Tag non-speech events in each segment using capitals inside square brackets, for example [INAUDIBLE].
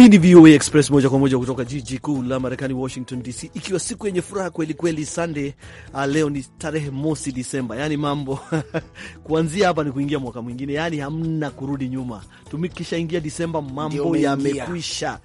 Hii ni VOA Express moja kwa moja kutoka jiji kuu la Marekani, Washington DC, ikiwa siku yenye furaha kweli kweli. Sunday ah, leo ni tarehe mosi Disemba, yaani mambo [LAUGHS] kuanzia hapa ni kuingia mwaka mwingine, yaani hamna kurudi nyuma. Tumikishaingia Disemba, mambo yamekwisha.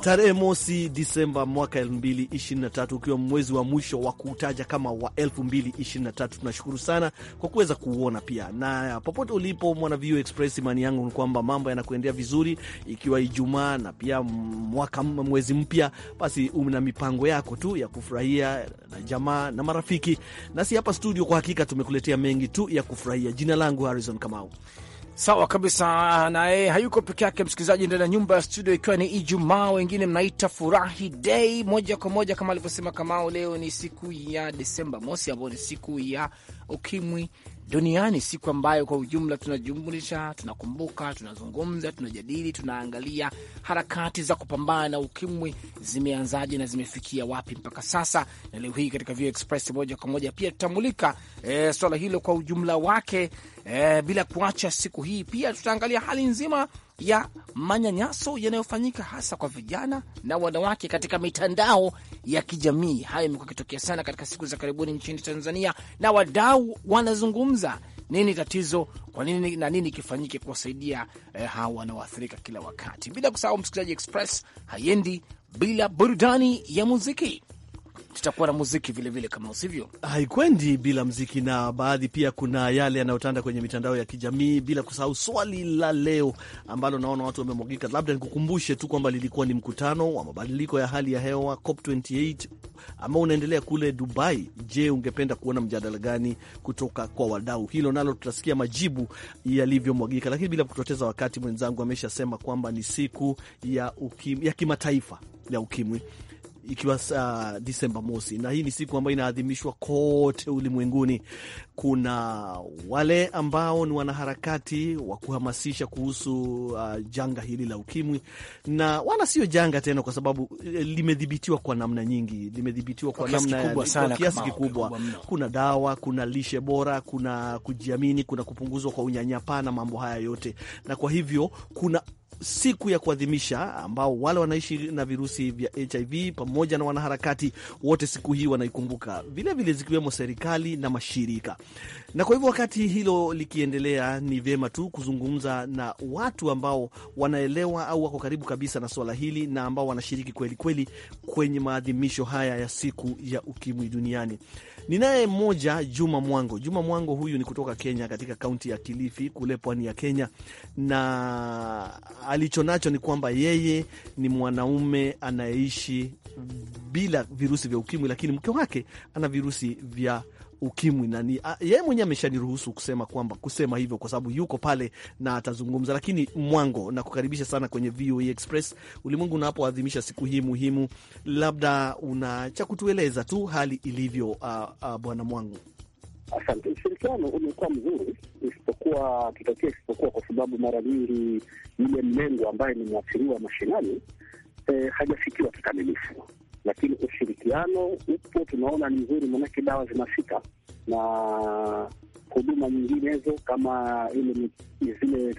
Tarehe mosi Disemba mwaka 2023 ukiwa mwezi wa mwisho wa kuutaja kama wa 2023. Tunashukuru sana kwa kuweza kuuona pia, na popote ulipo mwana VOA Express, imani yangu ni kwamba mambo yanakuendea vizuri, ikiwa Ijumaa na pia mwaka mwezi mpya, basi una mipango yako tu ya kufurahia na jamaa na marafiki. Nasi hapa studio, kwa hakika tumekuletea mengi tu ya kufurahia. Jina langu Harrison Kamau. Sawa kabisa, naye hayuko peke yake msikilizaji, ndani ya nyumba ya studio, ikiwa ni Ijumaa, wengine mnaita furahi dei. Moja kwa moja kama alivyosema Kamao, leo ni siku ya Desemba mosi, ambayo ni siku ya ukimwi duniani, siku ambayo kwa ujumla tunajumlisha, tunakumbuka, tunazungumza, tunajadili, tunaangalia harakati za kupambana na ukimwi zimeanzaje na zimefikia wapi mpaka sasa. Na leo hii katika Vio Express moja kwa moja pia tutamulika e, swala hilo kwa ujumla wake e, bila kuacha siku hii pia tutaangalia hali nzima ya manyanyaso yanayofanyika hasa kwa vijana na wanawake katika mitandao ya kijamii. Hayo imekuwa kitokea sana katika siku za karibuni nchini Tanzania, na wadau wanazungumza nini tatizo, kwa nini na nini kifanyike kuwasaidia eh, hawa wanaoathirika kila wakati, bila kusahau msikilizaji, Express haiendi bila burudani ya muziki tutakuwa na muziki vilevile vile kama usivyo, haikwendi bila muziki, na baadhi pia kuna yale yanayotanda kwenye mitandao ya kijamii, bila kusahau swali la leo ambalo naona watu wamemwagika. Labda nikukumbushe tu kwamba lilikuwa ni mkutano wa mabadiliko ya hali ya hewa COP 28 ambao unaendelea kule Dubai. Je, ungependa kuona mjadala gani kutoka kwa wadau? Hilo nalo tutasikia majibu yalivyomwagika, lakini bila kupoteza wakati, mwenzangu ameshasema kwamba ni siku ya, ya kimataifa ya ukimwi ikiwa uh, Disemba mosi, na hii ni siku ambayo inaadhimishwa kote ulimwenguni. Kuna wale ambao ni wanaharakati wa kuhamasisha kuhusu uh, janga hili la ukimwi, na wana sio janga tena, kwa sababu eh, limedhibitiwa kwa namna nyingi, limedhibitiwa kwa namna kwa kiasi kikubwa. Kuna dawa, kuna lishe bora, kuna kujiamini, kuna kupunguzwa kwa unyanyapaa na mambo haya yote, na kwa hivyo kuna siku ya kuadhimisha ambao wale wanaishi na virusi vya HIV pamoja na wanaharakati wote siku hii wanaikumbuka vilevile, zikiwemo serikali na mashirika. Na kwa hivyo wakati hilo likiendelea, ni vyema tu kuzungumza na watu ambao wanaelewa au wako karibu kabisa na swala hili na ambao wanashiriki kweli kweli kwenye maadhimisho haya ya siku ya ukimwi duniani. Ninaye mmoja Juma Mwango. Juma Mwango huyu ni kutoka Kenya, katika kaunti ya Kilifi kule pwani ya Kenya, na alichonacho ni kwamba yeye ni mwanaume anayeishi bila virusi vya ukimwi, lakini mke wake ana virusi vya ukimwi na ni ah, yeye mwenyewe ameshaniruhusu kusema kwamba kusema hivyo kwa sababu yuko pale na atazungumza. Lakini Mwango, nakukaribisha sana kwenye VOA e Express. Ulimwengu unapoadhimisha siku hii muhimu, labda una cha kutueleza tu hali ilivyo, uh, uh, bwana Mwango. Asante. Ushirikiano umekuwa mzuri, isipokuwa kitokea, isipokuwa kwa sababu mara nyingi yule mlengo ambaye ni mwathiriwa mashinani eh, hajafikiwa kikamilifu lakini ushirikiano upo, tunaona ni mzuri, maanake dawa zinafika na huduma nyinginezo kama ile zile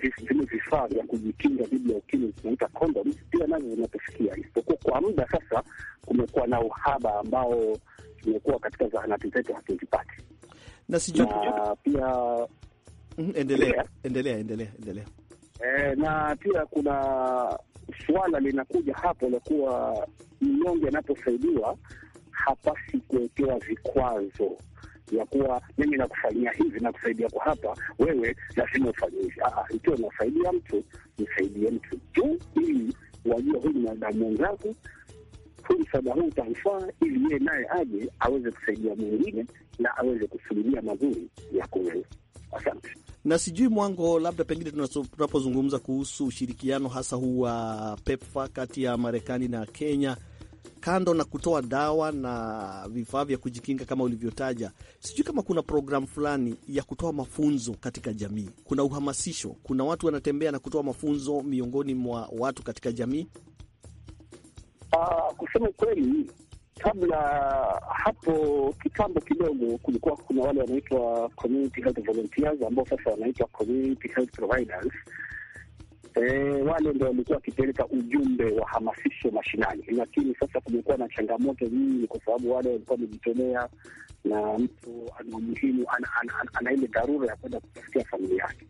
vifaa vya kujikinga dhidi ya ukimwi zinaita kondoms, pia nazo zinatufikia, isipokuwa kwa muda sasa kumekuwa na uhaba ambao tumekuwa katika zahanati zetu hatuzipati, na sijui pia mm-hmm, endelea endelea endelea endelea, eh, e, na pia kuna swala linakuja hapo la kuwa mnyonge anaposaidiwa hapasi kuwekewa vikwazo ya kuwa mimi nakufanyia hivi, nakusaidia kwa hapa, wewe lazima ufanye hivi. Ikiwa unasaidia mtu, msaidie mtu tu, ili wajua huyu mwanadamu mwenzangu, huu msaada huu utamfaa, ili yeye naye aje aweze kusaidia mwingine na aweze kusubiria mazuri ya kuwewe. Asante na sijui mwango, labda pengine tunapozungumza kuhusu ushirikiano hasa huu wa PEPFA kati ya Marekani na Kenya, kando na kutoa dawa na vifaa vya kujikinga kama ulivyotaja, sijui kama kuna programu fulani ya kutoa mafunzo katika jamii, kuna uhamasisho, kuna watu wanatembea na kutoa mafunzo miongoni mwa watu katika jamii. Uh, kusema kweli Kabla hapo kitambo kidogo, kulikuwa kuna wale wanaitwa community health volunteers ambao sasa wanaitwa community health providers. E, wale ndo walikuwa wakipeleka ujumbe wa hamasisho mashinani, lakini sasa kumekuwa na changamoto nyingi, kwa sababu wale walikuwa wamejitolea na mtu ana umuhimu ana, ana, ana, ana ile dharura ya kwenda kutafutia familia yake.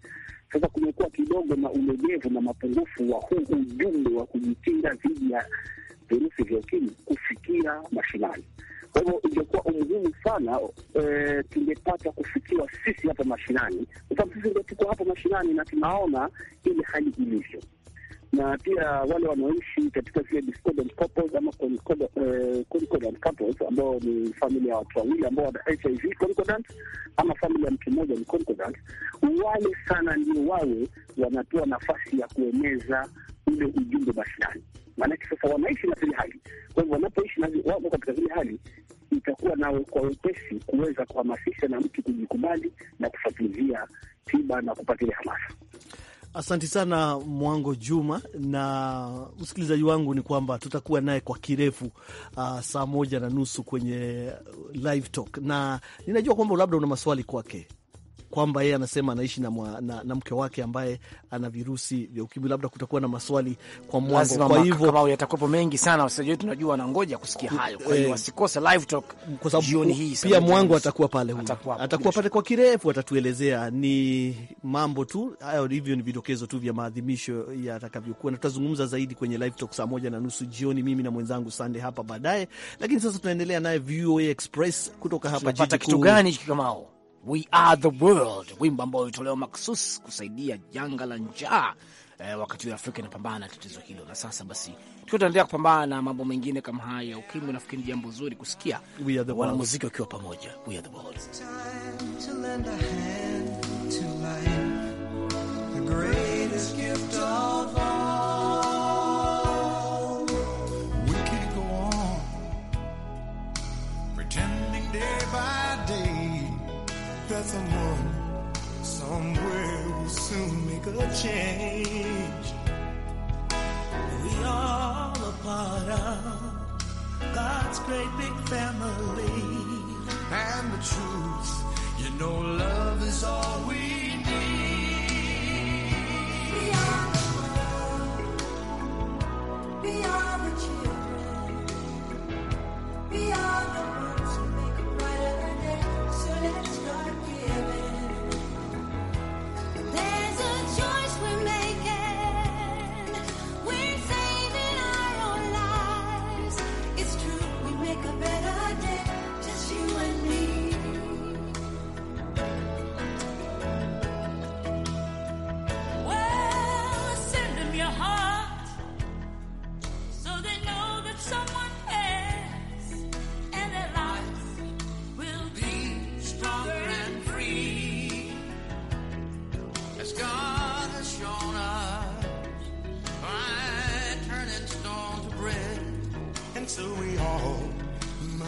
Sasa kumekuwa kidogo na ulegevu na mapungufu wa huu ujumbe wa kujikinga dhidi ya virusi vya ukimwi kufikia mashinani. Kwa hivyo ingekuwa umuhimu sana e, tungepata kufikiwa sisi hapa mashinani, kwa sababu sisi ndio tuko hapa mashinani na tunaona ile hali ilivyo, na pia wale wanaoishi katika zile discordant couples ama concordant eh, couples ambao ni familia ya watu wawili ambao wana HIV concordant ama famili ya mtu mmoja ni concordant, wale sana ndio wawe wanatoa nafasi ya kueneza ule ujumbe mashinani maanake sasa wanaishi na zile hali. Kwa hivyo wanapoishi wao katika zile hali, itakuwa nao kwa wepesi kuweza kuhamasisha na mtu kujikubali na kufuatilia tiba na kupata ile hamasa. asanti sana Mwango Juma, na msikilizaji wangu ni kwamba tutakuwa naye kwa kirefu uh, saa moja na nusu kwenye live talk, na ninajua kwamba labda una maswali kwake kwamba yeye anasema anaishi na, mwa, na, na mke wake ambaye ana virusi vya ukimwi. Labda kutakuwa na maswali kwa mwanzo, kwa hivyo yatakuwepo mengi sana, wasikilizaji wetu najua wanangoja kusikia hayo, kwa hiyo eh, wasikose live talk kwa sababu jioni hii. Pia mwango atakuwa pale, huyo atakuwa pale kwa kirefu, atatuelezea ni mambo tu hayo. Hivyo ni vidokezo tu vya maadhimisho yatakavyokuwa, na tutazungumza zaidi kwenye live talk saa moja na nusu jioni, mimi na mwenzangu Sande hapa baadaye. Lakini sasa tunaendelea naye VOA Express kutoka hapa jiji kuu. Kitu gani kama We are the world, wimbo ambao ulitolewa maksus kusaidia janga la njaa eh, wakati huo Afrika inapambana na tatizo hilo. Na sasa basi, tukiwa tunaendelea kupambana na mambo mengine kama haya ya ukimwi, nafikiri jambo zuri kusikia wanamuziki wakiwa pamoja. We are the world. as I somewhere will soon make a change. We all a part of God's great big family. And the truth, you know, love is all we need. We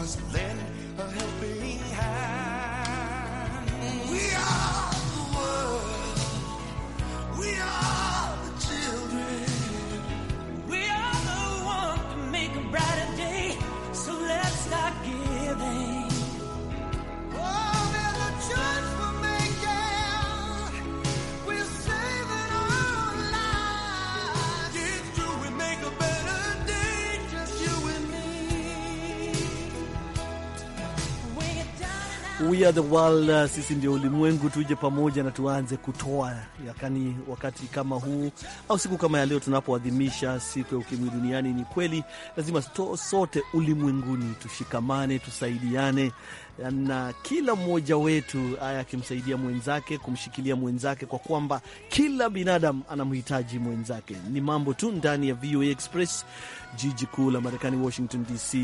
was We are the world, uh, sisi ndio ulimwengu, tuje pamoja na tuanze kutoa yakani. Wakati kama huu au siku kama ya leo tunapoadhimisha siku ya ukimwi duniani, ni kweli lazima sote ulimwenguni tushikamane, tusaidiane na kila mmoja wetu haya akimsaidia mwenzake, kumshikilia mwenzake, kwa kwamba kila binadamu anamhitaji mwenzake. Ni mambo tu ndani ya VOA Express, jiji kuu la Marekani, Washington DC.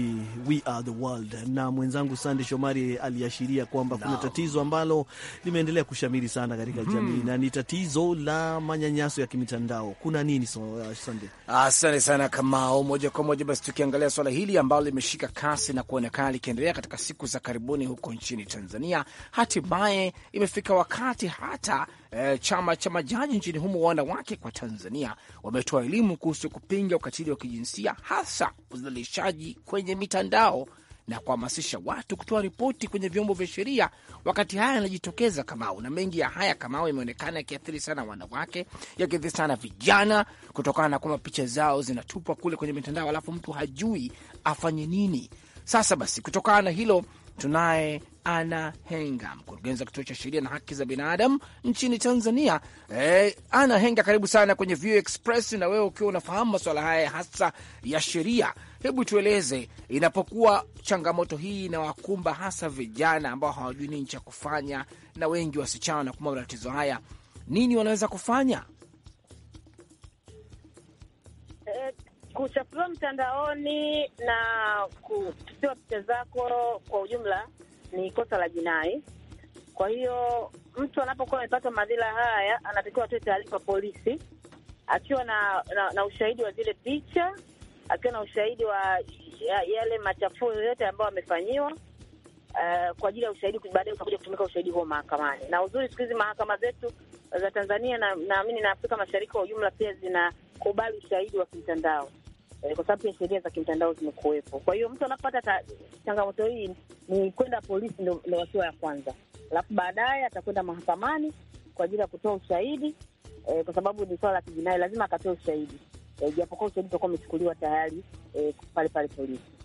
We are the world. Na mwenzangu Sande Shomari aliashiria kwamba no. kuna tatizo ambalo limeendelea kushamiri sana katika hmm. jamii na ni tatizo la manyanyaso ya kimitandao. Kuna nini so, uh, Sande? Asante sana Kamao. Moja kwa moja basi tukiangalia swala hili ambalo limeshika kasi na kuonekana likiendelea katika siku za karibuni maoni huko nchini Tanzania. Hatimaye imefika wakati hata e, chama cha majaji nchini humo wanawake kwa Tanzania wametoa elimu kuhusu kupinga ukatili wa kijinsia hasa udhalilishaji kwenye mitandao na kuhamasisha watu kutoa ripoti kwenye vyombo vya sheria wakati haya yanajitokeza. Kamau, na mengi ya haya Kamau, yameonekana yakiathiri sana wanawake, yakiathiri sana vijana, kutokana na kwamba picha zao zinatupwa kule kwenye mitandao, alafu mtu hajui afanye nini. Sasa basi, kutokana na hilo, tunaye Ana Henga, mkurugenzi wa kituo cha sheria na haki za binadamu nchini Tanzania. Eh, Ana Henga, karibu sana kwenye View Express, na wewe ukiwa unafahamu masuala haya hasa ya sheria, hebu tueleze, inapokuwa changamoto hii inawakumba hasa vijana ambao hawajui nini cha kufanya, na wengi wasichana wanakumba matatizo haya, nini wanaweza kufanya kuchapuliwa mtandaoni na kutupiwa picha zako kwa ujumla ni kosa la jinai. Kwa hiyo mtu anapokuwa amepata madhila haya anatakiwa atoe taarifa polisi, akiwa na, na, na ushahidi wa zile picha, akiwa na ushahidi wa ya, yale machafuo yoyote ambayo amefanyiwa. Uh, kwa ajili ya ushahidi baadaye utakuja kutumika ushahidi huo mahakamani. Na uzuri siku hizi mahakama zetu za Tanzania naamini na, na Afrika Mashariki kwa ujumla pia zinakubali ushahidi wa kimtandao eh, kwa sababu pia sheria za kimtandao zimekuwepo. Kwa hiyo mtu anapata changamoto hii ni kwenda polisi, ndo hatua ya kwanza, alafu baadaye atakwenda mahakamani kwa ajili ya kutoa ushahidi eh, kwa sababu ni swala la kijinai, lazima akatoa ushahidi, japokuwa eh, ushahidi utakuwa umechukuliwa tayari eh, pale pale polisi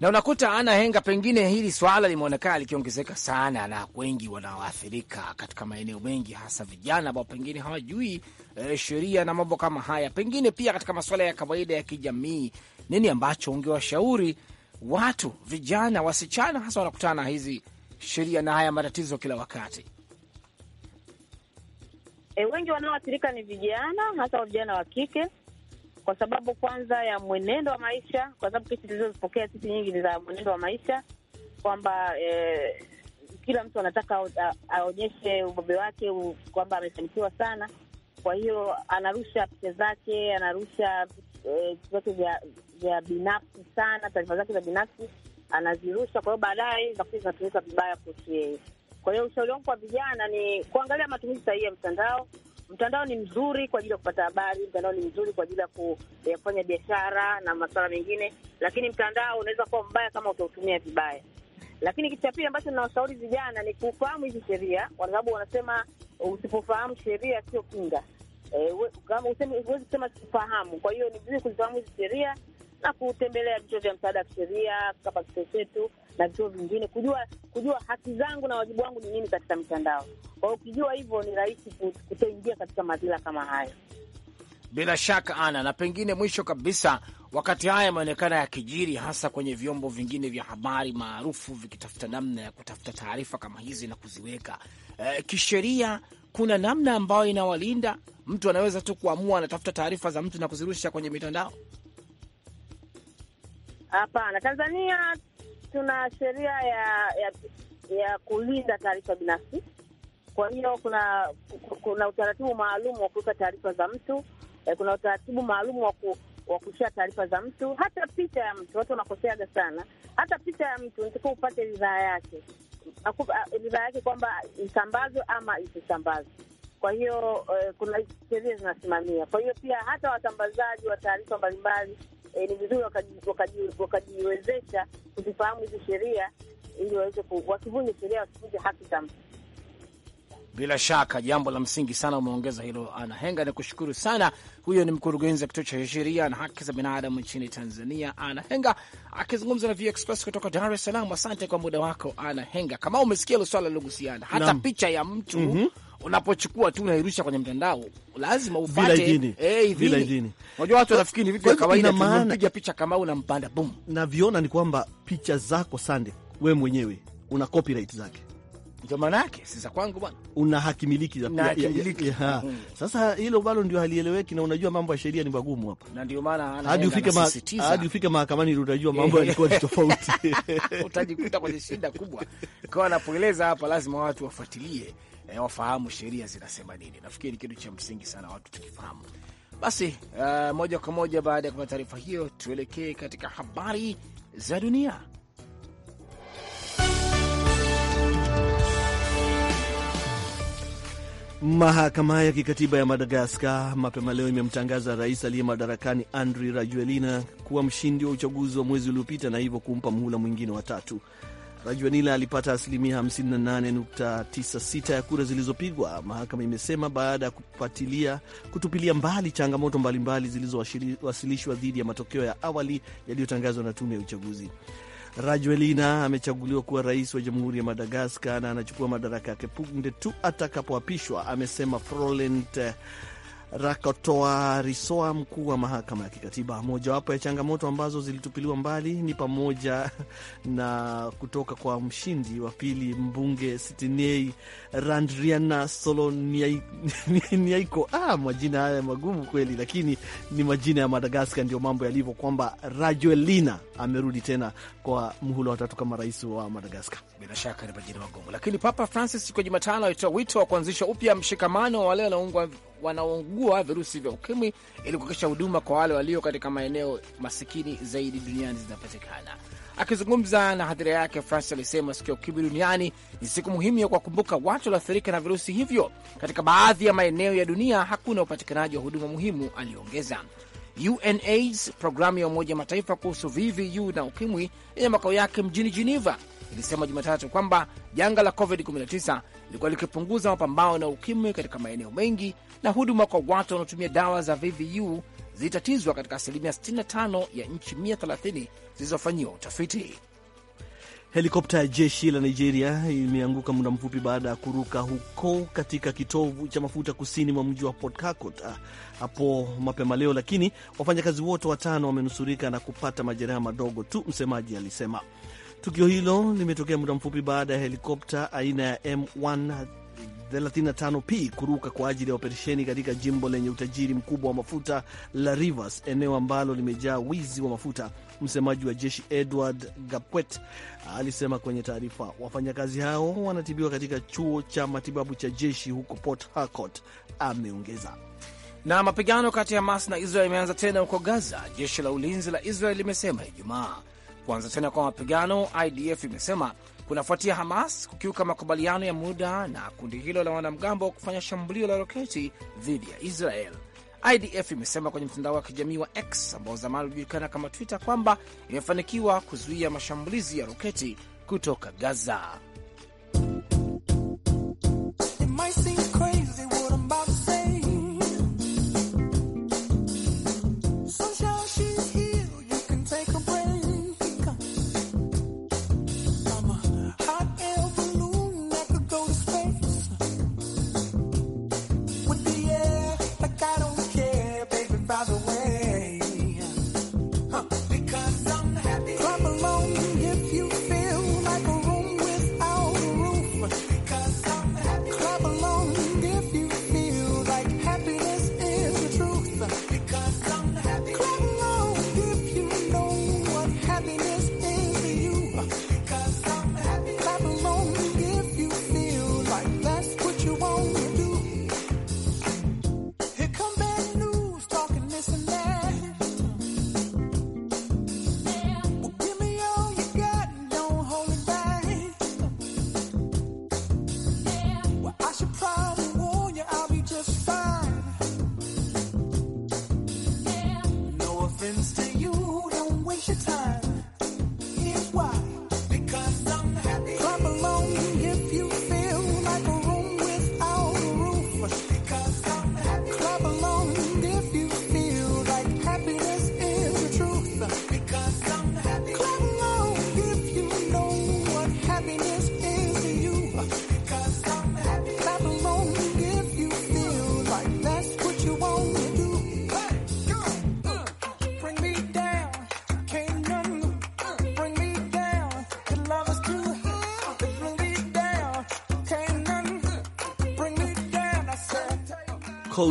na unakuta ana henga, pengine hili swala limeonekana likiongezeka sana na wengi wanaoathirika katika maeneo mengi, hasa vijana ambao pengine hawajui e, sheria na mambo kama haya, pengine pia katika masuala ya kawaida ya kijamii. Nini ambacho ungewashauri watu vijana, wasichana hasa wanakutana na hizi sheria na haya matatizo kila wakati? E, wengi wanaoathirika ni vijana, hasa vijana wa kike kwa sababu kwanza ya mwenendo wa maisha, kwa sababu kesi tulizozipokea sisi nyingi ni za mwenendo wa maisha, kwamba eh, kila mtu anataka aonyeshe ubobe wake kwamba amefanikiwa sana. Kwa hiyo anarusha picha zake, anarusha eh, vitu vyake vya binafsi sana, taarifa zake za binafsi anazirusha. Kwa hiyo baadaye zinakuja zinatumika vibaya kuhusu yeye. Kwa hiyo ushauri wangu kwa vijana ni kuangalia matumizi sahihi ya mtandao mtandao ni mzuri kwa ajili ya kupata habari, mtandao ni mzuri kwa ajili ya kufanya biashara na masuala mengine, lakini mtandao unaweza kuwa mbaya kama utautumia vibaya. Lakini kitu cha pili ambacho ninawashauri vijana ni kufahamu hizi sheria, kwa sababu wanasema usipofahamu sheria sio kinga. E, huwezi kusema sifahamu. Kwa hiyo ni vizuri kuzifahamu hizi sheria na kutembelea vituo vya msaada wa kisheria kama kituo chetu na vituo vingine, kujua kujua haki zangu na wajibu wangu ni nini katika mtandao. Kwa hiyo ukijua hivyo, ni rahisi kutoingia katika madhila kama hayo. Bila shaka ana na pengine, mwisho kabisa, wakati haya yameonekana ya kijiri hasa kwenye vyombo vingine vya habari maarufu vikitafuta namna ya kutafuta taarifa kama hizi na kuziweka e, kisheria, kuna namna ambayo inawalinda mtu, anaweza tu kuamua anatafuta taarifa za mtu na kuzirusha kwenye mitandao? Hapana, Tanzania tuna sheria ya ya, ya kulinda taarifa binafsi. Kwa hiyo kuna kuna utaratibu maalum wa kuweka taarifa za mtu eh, kuna utaratibu maalum wa ku wa kushia taarifa za mtu, hata picha ya mtu. Watu wanakoseaga sana, hata picha ya mtu nitakiwa upate ridhaa yake, ah, ridhaa yake kwamba isambazwe ama isisambazwe. Kwa hiyo uh, kuna sheria zinasimamia. Kwa hiyo pia hata wasambazaji wa taarifa mbalimbali e, ni vizuri wakajiwezesha kuzifahamu hizi sheria ili waweze, wakivunja sheria wasivunje haki za mtu. Bila shaka jambo la msingi sana, umeongeza hilo Ana Henga. Ni kushukuru sana. Huyo ni mkurugenzi wa kituo cha sheria na haki za binadamu nchini Tanzania, Ana Henga akizungumza na VOA Express kutoka Dar es Salaam. Asante kwa muda wako Ana Henga. Kama umesikia hilo swala lilogusiana hata picha ya mtu mm -hmm unapochukua tu unairusha kwenye mtandao, lazima ufate eh vile idhini. Unajua watu wanafikiri ni vitu vya kawaida, unapiga picha kama unampanda boom. Naviona ni kwamba picha zako sande, wewe mwenyewe una copyright zake ndio maana yake sasa, kwangu bwana, una haki miliki za yeah. mm. Sasa hilo bado ndio halieleweki, na unajua mambo ya sheria ni magumu hapa, na ndio maana hadi ufike hadi ufike mahakamani ndio utajua mambo [LAUGHS] yalikuwa ni tofauti, [LAUGHS] utajikuta kwenye shida kubwa. Kwa anapoeleza hapa, lazima watu wafuatilie eh, wafahamu sheria zinasema nini. Nafikiri kitu cha msingi sana watu tukifahamu. Basi uh, moja kwa moja baada ya kupata taarifa hiyo, tuelekee katika habari za dunia. Mahakama ya kikatiba ya Madagaskar mapema leo imemtangaza rais aliye madarakani Andry Rajoelina kuwa mshindi wa uchaguzi wa mwezi uliopita na hivyo kumpa muhula mwingine wa tatu. Rajuanila alipata asilimia 58.96 ya kura zilizopigwa, mahakama imesema baada ya kupatilia kutupilia mbali changamoto mbalimbali zilizowasilishwa dhidi ya matokeo ya awali yaliyotangazwa na tume ya uchaguzi. Rajuelina amechaguliwa kuwa rais wa jamhuri ya Madagaskar na anachukua madaraka yake punde tu atakapoapishwa, amesema uh, Rakotoa Risoa, mkuu wa mahakama ya kikatiba. Mojawapo ya changamoto ambazo zilitupiliwa mbali ni pamoja [LAUGHS] na kutoka kwa mshindi wa pili, mbunge Sitinei Randriana Soloniaiko. [LAUGHS] Ah, majina haya magumu kweli, lakini ni majina ya Madagaskar, ndio mambo yalivyo, kwamba Rajoelina amerudi tena kwa muhula watatu kama rais wa Madagaskar. Bila shaka ni majina magumu, lakini Papa Francis siku ya Jumatano alitoa wito wa kuanzisha upya mshikamano wa wale wanaougua virusi vya ukimwi ili kuhakikisha huduma kwa wale walio katika maeneo masikini zaidi duniani zinapatikana. Akizungumza na hadhira yake, Francis alisema siku ya ukimwi duniani ni siku muhimu ya kuwakumbuka watu walioathirika na virusi hivyo. Katika baadhi ya maeneo ya dunia hakuna upatikanaji wa huduma muhimu, aliongeza. UNAIDS, programu ya Umoja wa Mataifa kuhusu VVU na ukimwi yenye makao yake mjini Geneva, ilisema Jumatatu kwamba janga la COVID-19 lilikuwa likipunguza mapambano na ukimwi katika maeneo mengi na huduma kwa watu wanaotumia dawa za VVU zilitatizwa katika asilimia 65 ya nchi 130 zilizofanyiwa utafiti. Helikopta ya jeshi la Nigeria imeanguka muda mfupi baada ya kuruka huko katika kitovu cha mafuta kusini mwa mji wa Port Harcourt ah, hapo mapema leo, lakini wafanyakazi wote watano wamenusurika na kupata majeraha madogo tu, msemaji alisema. Tukio hilo limetokea muda mfupi baada ya helikopta aina ya M1 35P kuruka kwa ajili ya operesheni katika jimbo lenye utajiri mkubwa wa mafuta la Rivers, eneo ambalo limejaa wizi wa mafuta. Msemaji wa jeshi Edward Gapwet alisema kwenye taarifa, wafanyakazi hao wanatibiwa katika chuo cha matibabu cha jeshi huko Port Harcourt, ameongeza. Na mapigano kati ya Hamas na Israel imeanza tena huko Gaza, jeshi la ulinzi la Israel limesema Ijumaa. Kuanza tena kwa mapigano, IDF imesema kunafuatia Hamas kukiuka makubaliano ya muda na kundi hilo la wanamgambo kufanya shambulio la roketi dhidi ya Israel. IDF imesema kwenye mtandao wa kijamii wa X ambao zamani ulijulikana kama Twitter kwamba imefanikiwa kuzuia mashambulizi ya roketi kutoka Gaza.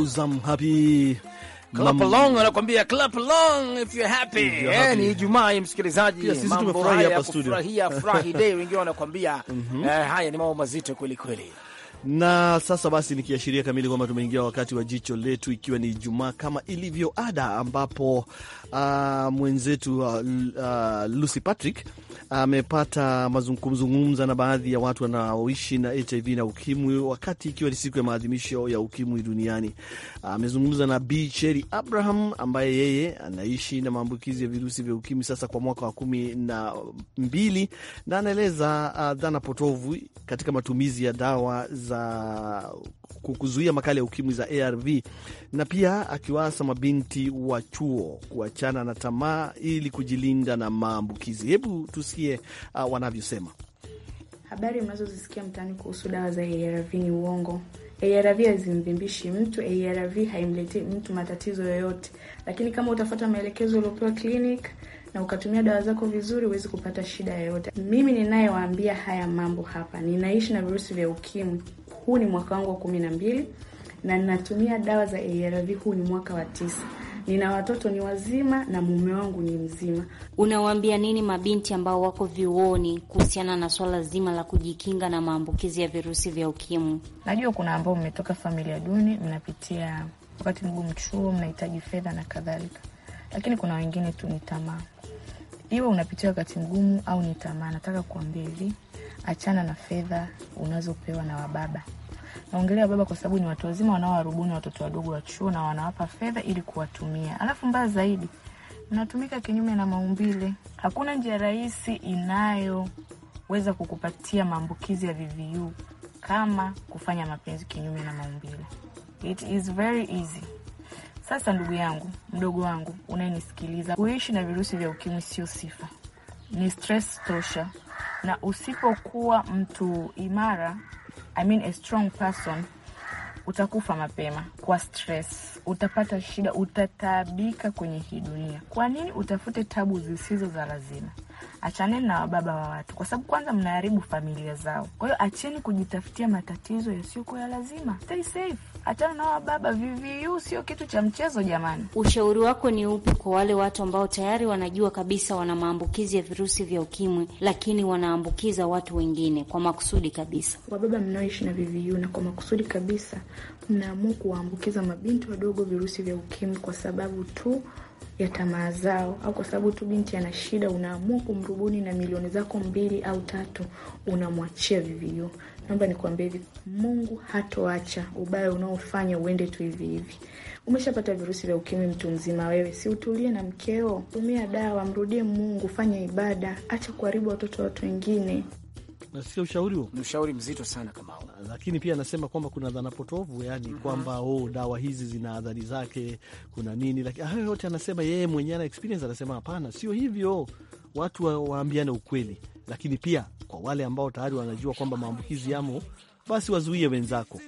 Sam happy Clap along anakuambia clap along if you're happy. Eh, ni Ijumaa msikilizaji, mambo haya ya kufurahia Friday [LAUGHS] wengine wanakuambia mhm. eh, haya ni mambo mazito kweli kweli na sasa basi nikiashiria kamili kwamba tumeingia wakati wa jicho letu, ikiwa ni Ijumaa kama ilivyo ada, ambapo uh, mwenzetu uh, uh, Lucy Patrick amepata uh, na baadhi ya watu wanaoishi na HIV na ukimwi, wakati ikiwa ni siku ya maadhimisho ya ukimwi duniani. Amezungumza uh, na B Cheri Abraham ambaye yeye anaishi na maambukizi ya virusi vya ukimwi sasa kwa mwaka wa kumi na mbili na anaeleza uh, dhana potovu katika matumizi ya dawa za za kuzuia makali ya ukimwi za ARV, na pia akiwaasa mabinti wa chuo kuachana na tamaa ili kujilinda na maambukizi. Hebu tusikie uh, wanavyosema. Habari mnazozisikia mtaani kuhusu dawa za ARV ni uongo. ARV hazimvimbishi mtu, ARV haimletei mtu matatizo yoyote, lakini kama utafuata maelekezo uliopewa clinic na ukatumia dawa zako vizuri, huwezi kupata shida yoyote. Mimi ninayewaambia haya mambo hapa, ninaishi na virusi vya ukimwi, huu ni mwaka wangu wa kumi na mbili na ninatumia dawa za ARV. Huu ni mwaka wa tisa. Nina watoto ni wazima na mume wangu ni mzima. Unawaambia nini mabinti ambao wako vyuoni kuhusiana na swala zima la kujikinga na maambukizi ya virusi vya ukimwi? Najua kuna ambao mmetoka familia duni, mnapitia wakati mgumu chuo, mnahitaji fedha na kadhalika, lakini kuna wengine tu ni tamaa. Iwe unapitia wakati mgumu au ni tamaa, nataka kuambia hivi, achana na fedha unazopewa na wababa. Naongelea wababa kwa sababu ni watu wazima wanaowarubuni watoto wadogo wa chuo na wanawapa fedha ili kuwatumia. Alafu mbaya zaidi, mnatumika kinyume na maumbile. Hakuna njia rahisi inayoweza kukupatia maambukizi ya VVU kama kufanya mapenzi kinyume na maumbile. It is very easy. Sasa ndugu yangu, mdogo wangu unayenisikiliza, kuishi na virusi vya ukimwi sio sifa, ni stress tosha na usipokuwa mtu imara, I mean a strong person, utakufa mapema kwa stress, utapata shida, utatabika kwenye hii dunia. Kwa nini utafute tabu zisizo za lazima? achaneni na wababa wa watu, kwa sababu kwanza mnaharibu familia zao. Kwa hiyo acheni kujitafutia matatizo yasiyokuwa ya lazima. Stay safe, achana na wababa. VVU sio kitu cha mchezo jamani. Ushauri wako ni upi kwa wale watu ambao tayari wanajua kabisa wana maambukizi ya virusi vya ukimwi, lakini wanaambukiza watu wengine kwa makusudi kabisa? Wababa mnaoishi na VVU na kwa makusudi kabisa mnaamua kuwaambukiza mabinti wadogo virusi vya ukimwi kwa sababu tu ya tamaa zao, au kwa sababu tu binti ana shida, unaamua kumrubuni na milioni zako mbili au tatu unamwachia vivilio. Naomba nikuambie hivi, Mungu hatoacha ubaya unaofanya uende tu hivi hivi. Umeshapata virusi vya ukimwi, mtu mzima wewe, si utulie na mkeo, tumia dawa, mrudie Mungu, fanya ibada, acha kuharibu watoto watu wengine. Nasikia ushauri huo, ni ushauri mzito sana Kamau, ah, lakini pia anasema kwamba kuna dhana potovu, yani mm -hmm. kwamba oh, dawa hizi zina adhari zake, kuna nini, lakini hayo yote anasema yeye mwenyewe ana experience, anasema hapana, sio hivyo, watu waambiane ukweli, lakini pia kwa wale ambao tayari wanajua kwamba maambukizi yamo, basi wazuie wenzako.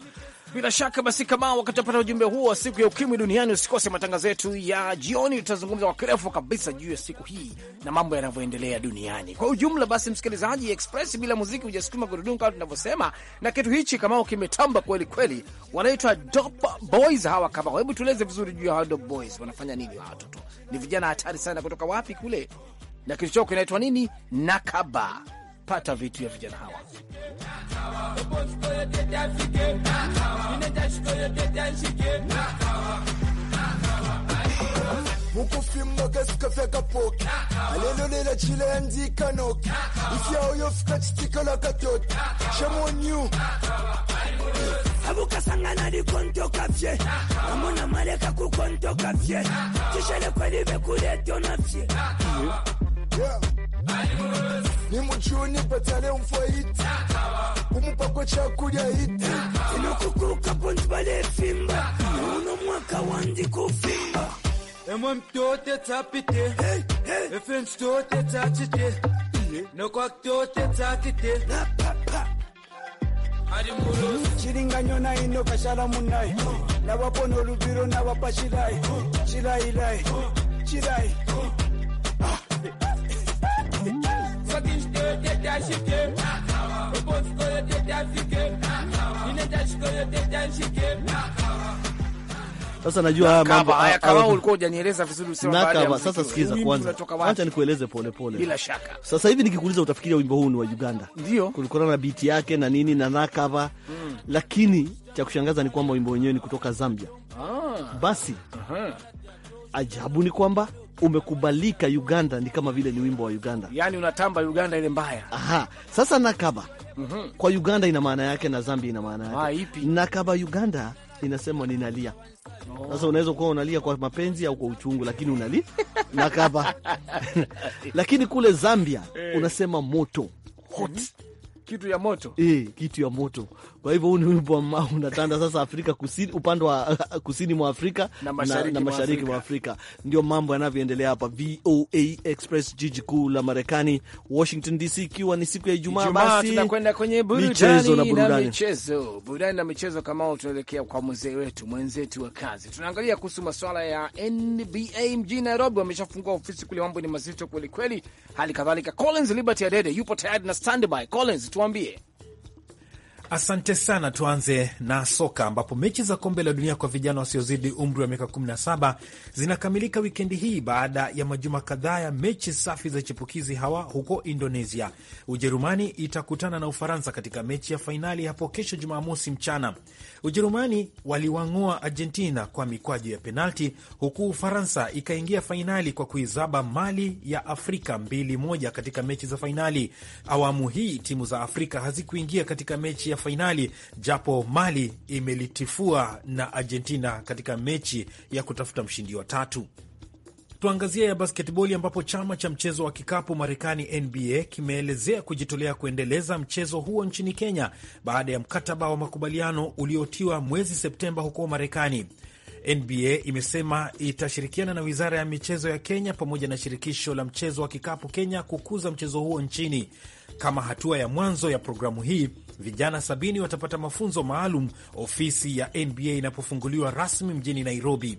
Bila shaka basi, kama wakati apata ujumbe huo wa siku ya ukimwi duniani, usikose matangazo yetu ya jioni. Tutazungumza kwa kirefu kabisa juu ya siku hii na mambo yanavyoendelea duniani kwa ujumla. Basi msikilizaji, Express bila muziki hujasukuma gurudumu kama tunavyosema, na kitu hichi kama kimetamba kweli kweli. Wanaitwa Dop Boys hawa kama. Hebu tueleze vizuri juu ya hawa Dop Boys, wanafanya nini hawa watoto? Ni vijana hatari sana, kutoka wapi kule? Na kitu chao kinaitwa nini? Nakaba kupata vitu vya vijana hawa. Yeah. ni muchuni patale umfoiti kumupakwa chakulya iti inokukulukapo ndibalefimba nuno mwaka wandi kufimba emwe mtote tapite efe mtote tatite nokwakutote takite chilinganyo na ino kashala munayi nabapona oluviro nabapashilayi chilayilayi chilayi sasa najua haya mambo haya ah, kama ah, ulikuwa hujanieleza vizuri usema baada ya sasa. Sikiza kwanza, acha nikueleze pole pole. Bila shaka, sasa hivi nikikuuliza utafikiria wimbo huu ni wa Uganda, ndio kulikuwa na beat yake na nini na nakava mm. Lakini cha kushangaza ni kwamba wimbo wenyewe ni kutoka Zambia. Ah. Basi uh -huh. Ajabu ni kwamba umekubalika Uganda, ni kama vile ni wimbo wa Uganda, yani unatamba Uganda ile mbaya. Aha, sasa nakaba mm -hmm. kwa Uganda ina maana yake na Zambia ina maana yake. Ah, ipi? Nakaba Uganda inasema ninalia. Oh. Sasa oh. Unaweza kuwa unalia kwa mapenzi au kwa uchungu, lakini unalia [LAUGHS] nakaba [LAUGHS] lakini kule Zambia hey. Eh. unasema moto hot. Mm -hmm. Kitu ya moto. E, kitu ya moto kwa hivyo huu ni wimbo ambao unatanda sasa Afrika Kusini, upande wa [LAUGHS] kusini mwa Afrika na mashariki, na, na mashariki mwa Afrika. Ndio mambo yanavyoendelea hapa VOA Express, jiji kuu la Marekani Washington DC, ikiwa ni siku ya Ijumaa. Basi tunakwenda kwenye michezo na burudani, michezo burudani na michezo. Kama tunaelekea kwa mzee wetu mwenzetu wa kazi, tunaangalia kuhusu masuala ya NBA mjini Nairobi. Wameshafungua ofisi kule, mambo ni mazito kwelikweli. Hali kadhalika Collins Liberty Adede yupo tayari na standby. Collins, tuambie Asante sana. Tuanze na soka ambapo mechi za kombe la dunia kwa vijana wasiozidi umri wa miaka 17 zinakamilika wikendi hii baada ya majuma kadhaa ya mechi safi za chipukizi hawa huko Indonesia. Ujerumani itakutana na Ufaransa katika mechi ya fainali hapo kesho Jumamosi mchana. Ujerumani waliwang'oa Argentina kwa mikwaju ya penalti, huku Ufaransa ikaingia fainali kwa kuizaba Mali ya Afrika 2 katika mechi za fainali. Awamu hii timu za Afrika hazikuingia katika mechi ya fainali, japo Mali imelitifua na Argentina katika mechi ya kutafuta mshindi wa tatu. Tuangazie ya basketboli ambapo chama cha mchezo wa kikapu Marekani NBA kimeelezea kujitolea kuendeleza mchezo huo nchini Kenya baada ya mkataba wa makubaliano uliotiwa mwezi Septemba huko Marekani. NBA imesema itashirikiana na wizara ya michezo ya Kenya pamoja na shirikisho la mchezo wa kikapu Kenya kukuza mchezo huo nchini. Kama hatua ya mwanzo ya programu hii, Vijana sabini watapata mafunzo maalum ofisi ya NBA inapofunguliwa rasmi mjini Nairobi.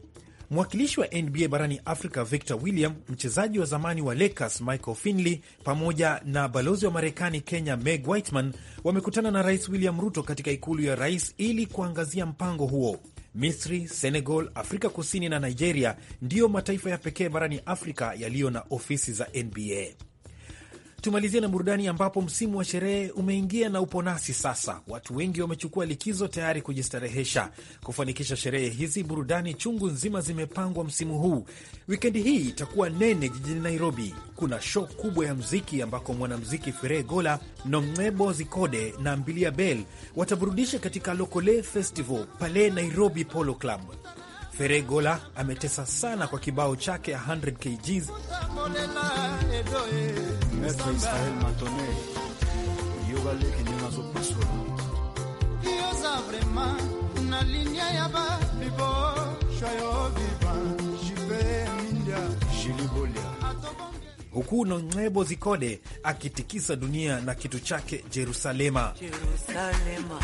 Mwakilishi wa NBA barani Afrika Victor William, mchezaji wa zamani wa Lakers Michael Finley, pamoja na balozi wa Marekani Kenya Meg Whitman wamekutana na Rais William Ruto katika ikulu ya rais ili kuangazia mpango huo. Misri, Senegal, Afrika Kusini na Nigeria ndiyo mataifa ya pekee barani Afrika yaliyo na ofisi za NBA. Tumalizie na burudani, ambapo msimu wa sherehe umeingia na upo nasi sasa. Watu wengi wamechukua likizo tayari kujistarehesha. Kufanikisha sherehe hizi, burudani chungu nzima zimepangwa msimu huu. Wikendi hii itakuwa nene jijini Nairobi. Kuna show kubwa ya mziki ambako mwanamziki Fere Gola, Nomebo Zikode na Mbilia Bel wataburudisha katika Lokole Festival pale Nairobi Polo Club. Fere Gola ametesa sana kwa kibao chake 100 kgs Maître Israël na linia bibo mindia Huku no Ncebo Zikode akitikisa dunia na kitu chake Jerusalema. Jerusalema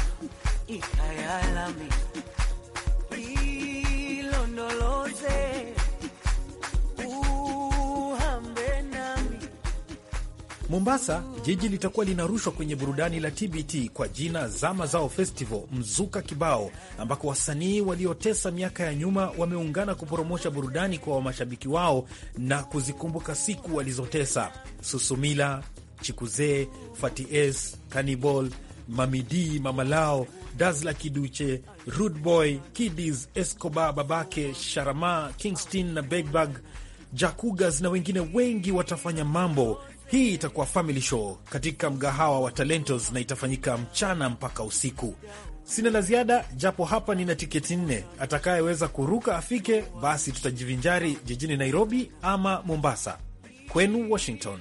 ikayalami ilondoloze Mombasa, jiji litakuwa linarushwa kwenye burudani la TBT kwa jina Zama Zao Festival Mzuka Kibao, ambako wasanii waliotesa miaka ya nyuma wameungana kuporomosha burudani kwa mashabiki wao na kuzikumbuka siku walizotesa. Susumila, Chikuzee, Faties, cannibal Mamidi, Mamalao, Dazla Kiduche, rudboy Kidis, Escobar, Babake, Sharama, Kingston na Begbag Jakugas na wengine wengi watafanya mambo hii itakuwa family show katika mgahawa wa Talentos na itafanyika mchana mpaka usiku. Sina la ziada, japo hapa nina tiketi nne. Atakayeweza kuruka afike, basi tutajivinjari jijini Nairobi ama Mombasa. Kwenu Washington.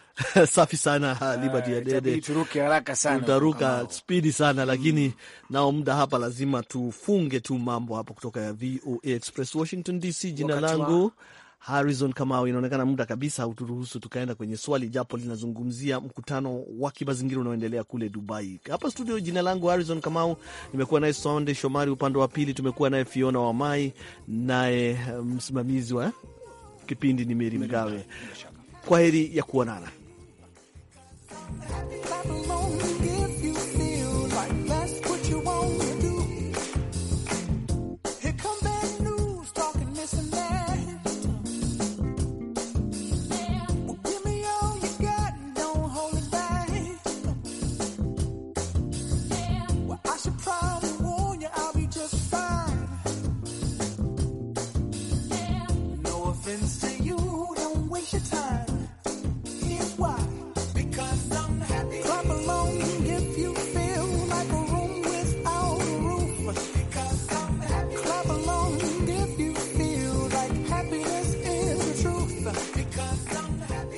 [LAUGHS] Safi sana Liberty Adede, utaruka spidi sana mm-hmm. lakini, mm. nao muda hapa lazima tufunge tu mambo hapa kutoka ya VOA Express Washington DC. Jina langu wa... Harrison Kamau, inaonekana muda kabisa uturuhusu tukaenda kwenye swali, japo linazungumzia mkutano wa kimazingira unaoendelea kule Dubai. Hapa studio, jina langu Harrison Kamau, nimekuwa naye Sonde Shomari upande wa pili, tumekuwa naye Fiona Wamai, naye um, msimamizi wa kipindi ni Meri Mgawe. Kwa heri ya kuonana.